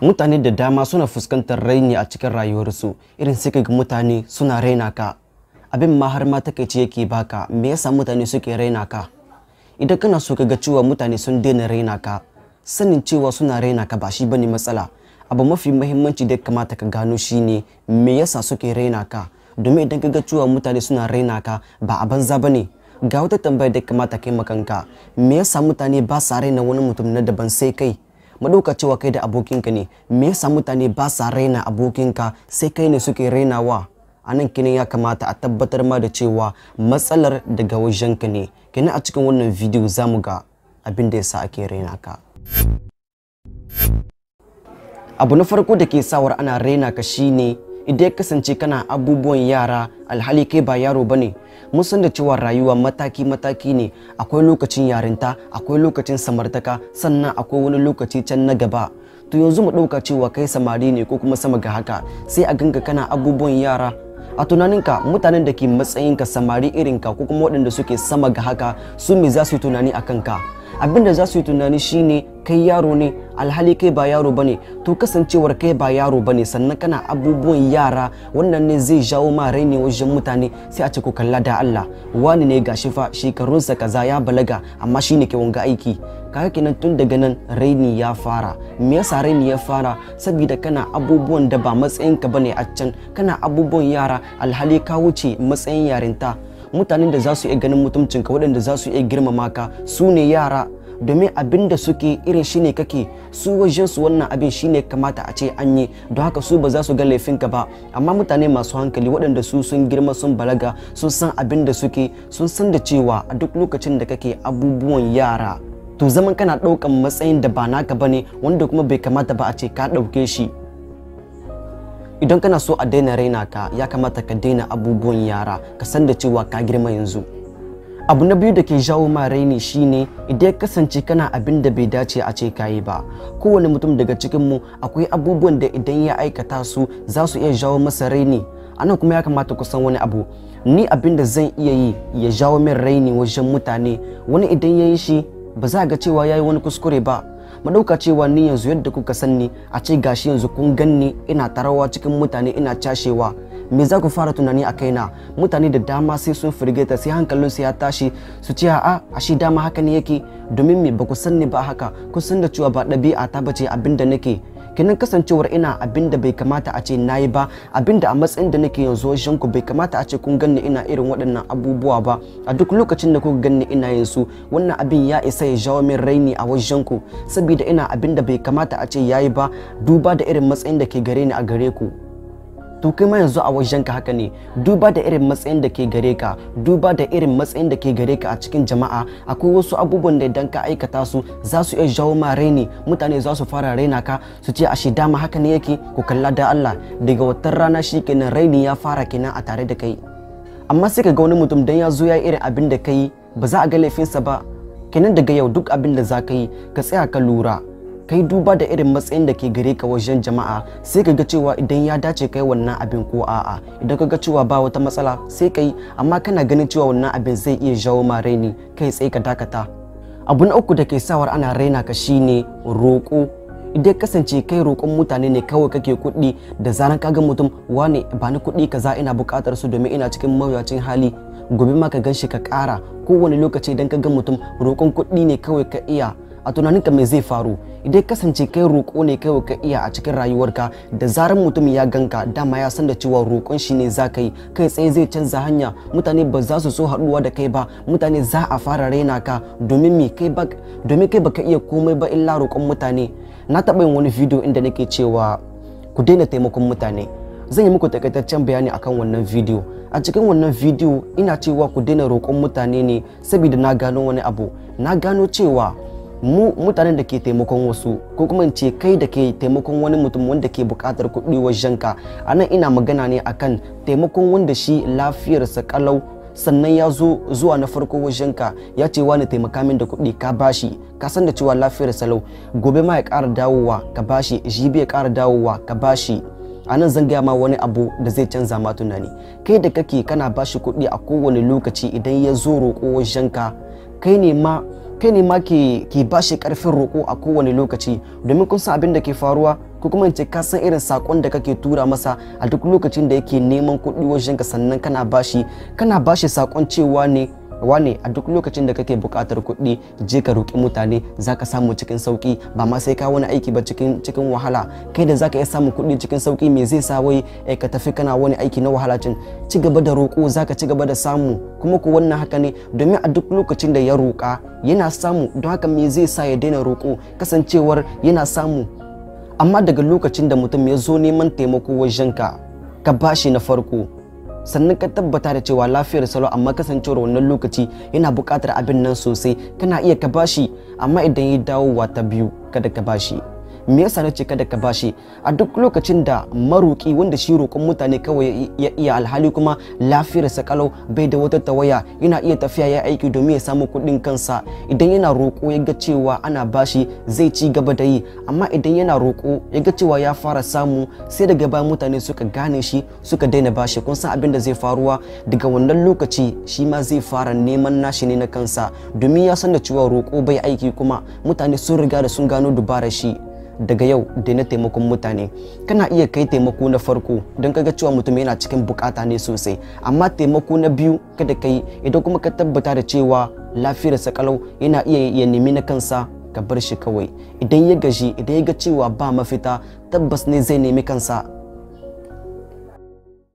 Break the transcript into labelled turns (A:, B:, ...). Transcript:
A: mutane da dama suna fuskantar raini a cikin rayuwarsu irin sai ga mutane suna raina ka abin ma har ma takaici yake baka me yasa mutane suke raina ka idan kana so ka ga cewa mutane sun daina raina ka sanin cewa suna raina ka ba shi bane matsala abu mafi muhimmanci da kamata ka gano shine me yasa suke raina ka domin idan ka ga cewa mutane suna raina ka ba a banza bane ga wata tambaya da kamata kai makanka me yasa mutane ba sa raina wani mutum na daban sai kai mu cewa kai da abokinka ne me yasa mutane ba sa raina abokinka sai kai ne suke rainawa a nan kinin ya kamata a tabbatar ma da cewa matsalar daga wajenka ne kenan a cikin wannan video za mu ga abin da yasa ake raina ka abu na farko da ke sawar ana raina ka shine idan ya kasance kana abubuwan yara alhali kai ba yaro ba ne mun san da cewa rayuwa mataki-mataki ne akwai lokacin yarinta akwai lokacin samartaka sannan akwai wani lokaci can na gaba to yanzu mu ɗauka cewa kai samari ne ko kuma sama ga haka sai a ganka kana abubuwan yara a tunaninka mutanen da ke matsayinka samari irinka ko kuma waɗanda suke sama ga haka su me za su yi tunani a kanka abinda za su yi tunani shine kai yaro ne alhali kai ba yaro bane to kasancewar kai ba yaro bane sannan kana abubuwan yara wannan ne zai jawo ma raini wajen mutane sai a ce ku kalla da Allah wani ne gashi fa shekarunsa kaza ya balaga amma shine ke wanga aiki kaga kenan tun daga nan raini ya fara me yasa raini ya fara saboda kana abubuwan da ba matsayinka bane a can kana abubuwan yara alhali ka wuce matsayin yarinta mutanen da za su iya ganin mutuncinka waɗanda za su iya girmama ka su ne yara domin abin da suke irin shine kake su wajen su wannan abin shine kamata a ce an yi don haka su ba za su ga ka ba amma mutane masu hankali waɗanda su sun girma sun balaga sun san abin da suke sun san da cewa a duk lokacin da kake abubuwan yara to zaman kana ɗaukan matsayin da ba naka ne wanda kuma bai kamata ba a ce ka ɗauke shi idan kana so a daina raina ka ya kamata ka daina abubuwan yara ka san da cewa ka girma yanzu abu na biyu da ke jawo ma raini shine idan ya kasance kana abin da bai dace a ce kayi ba kowane mutum daga cikinmu akwai abubuwan da idan ya aikata su za su iya jawo masa raini anan kuma ya kamata ku san wani abu ni abin da zan iya yi ya jawo min raini wajen mutane wani idan ya yi shi ba za ga cewa ya yi wani kuskure ba mu dauka cewa ni yanzu yadda kuka sanni a ce gashi yanzu kun ganni ina tarawa cikin mutane ina cashewa me za ku fara tunani a kaina mutane da dama sai sun firgeta sai hankalin su ya tashi su ce a a shi dama haka ne yake domin me ba ku sanni ba haka kun san da cewa ba ɗabi'a ta bace abin da nake kinan kasancewar ina abinda bai kamata a ce na yi ba abinda a matsayin da nake yanzu wajen ku bai kamata a ce kun ganni ina irin waɗannan abubuwa ba a duk lokacin da kuka ganni ina yin su wannan abin ya isa ya jawo min raini a wajen ku saboda ina abinda bai kamata a ce yayi ba duba da irin matsayin da ke gare ni a gare ku to kai ma yanzu a wajenka haka ne duba da irin matsayin da ke gare ka duba da irin matsayin da ke gare ka a cikin jama'a akwai wasu abubuwan da idan ka aikata su za su iya jawo ma raini mutane za su fara raina ka su ce a shi dama haka ne yake ku kalla da Allah daga watan rana shi kenan raini ya fara kenan a tare da kai amma sai ka ga wani mutum dan ya zo ya irin abin da kai ba za a ga laifinsa ba kenan daga yau duk abin da za ka yi ka tsaya ka lura kai duba da irin matsayin da ke gare ka wajen jama'a sai ka ga cewa idan ya dace kai wannan abin ko a'a idan ka ga cewa ba wata matsala sai kai amma kana ganin cewa wannan abin zai iya jawo ma raini kai sai ka dakata abu na uku da ke sawar ana raina ka shine roƙo idan kasance kai roƙon mutane ne kawai kake kuɗi da zaran ga mutum wane ba ni kuɗi za ina buƙatar su domin ina cikin mawuyacin hali gobe ma ka ganshi ka ƙara kowane lokaci idan ka ga mutum roƙon kuɗi ne kawai ka iya a ka me zai faru idan kasance kai roƙo ne kai ka iya a cikin rayuwarka da zarar mutum ya ganka dama ya san da cewa roƙon shi ne za ka yi kai tsaye zai canza hanya mutane ba za su so haɗuwa da kai ba mutane za a fara raina ka domin me kai ba domin kai baka iya komai ba illa roƙon mutane na taɓa yin wani video inda nake cewa ku daina taimakon mutane zan yi muku takaitaccen bayani akan wannan video a cikin wannan video ina cewa ku daina roƙon mutane ne saboda na gano wani abu na gano cewa mu mutanen da ke taimakon wasu ko kuma in ce kai da ke taimakon wani mutum wanda ke buƙatar kuɗi wajen ka a nan ina magana ne akan taimakon wanda shi lafiyarsa kalau sannan ya zo zuwa na farko wajen ka ya ce wani taimaka min da kuɗi ka bashi ka san da cewa lafiyar salau gobe ma ya ƙara dawowa ka bashi jibi ya ƙara dawowa ka bashi a nan zan gaya ma wani abu da zai canza ma tunani kai da kake kana bashi kuɗi a kowane lokaci idan ya zo roƙo wajen ka kai ne ma kai ne ma ke ke bashi karfin roƙo a kowane lokaci domin kun san abin da ke faruwa ko kuma in ce ka san irin sakon da kake tura masa a duk lokacin da yake neman kuɗi wajen ka sannan kana bashi kana bashi sakon cewa ne wane a duk lokacin da kake buƙatar kuɗi je ka roƙi mutane za ka samu cikin sauƙi ba ma sai ka wani aiki ba cikin wahala kai da za ka iya samun kuɗi cikin sauƙi me zai sa wai eh, ka tafi kana wani aiki na wahala cin ci gaba da roƙo za ka ci gaba da samu kuma ku wannan haka ne domin a duk lokacin da ya roƙa yana samu don haka me zai sa ya daina roƙo kasancewar yana samu amma daga lokacin da mutum ya zo neman taimako wajen ka ka bashi na farko sannan ka tabbata da cewa lafiyar salo amma kasancewar wannan lokaci yana buƙatar abin nan sosai kana iya ka bashi amma idan ya dawowa ta biyu kada ka bashi me yasa nace kada ka bashi a duk lokacin da maruki wanda shi roƙon mutane kawai ya iya alhali kuma sa kalau bai da wata tawaya yana iya tafiya ya aiki domin ya samu kuɗin kansa idan yana roƙo ya ga cewa ana bashi zai ci gaba da yi amma idan yana roƙo ya ga cewa ya fara samu sai daga baya mutane suka gane shi suka daina bashi kun san abin da zai faruwa daga wannan lokaci shi ma zai fara neman nashi ne na kansa domin ya san da cewa roƙo bai aiki kuma mutane sun riga da sun gano dubarar shi daga yau da na taimakon mutane kana iya kai taimako na farko don kaga cewa mutum yana cikin bukata ne sosai amma taimako na biyu kada kai idan kuma ka tabbata da cewa lafiyar sa kalau yana iya ya nemi na kansa ka bar shi kawai idan ya gaji idan ya ga cewa ba mafita tabbas ne zai nemi kansa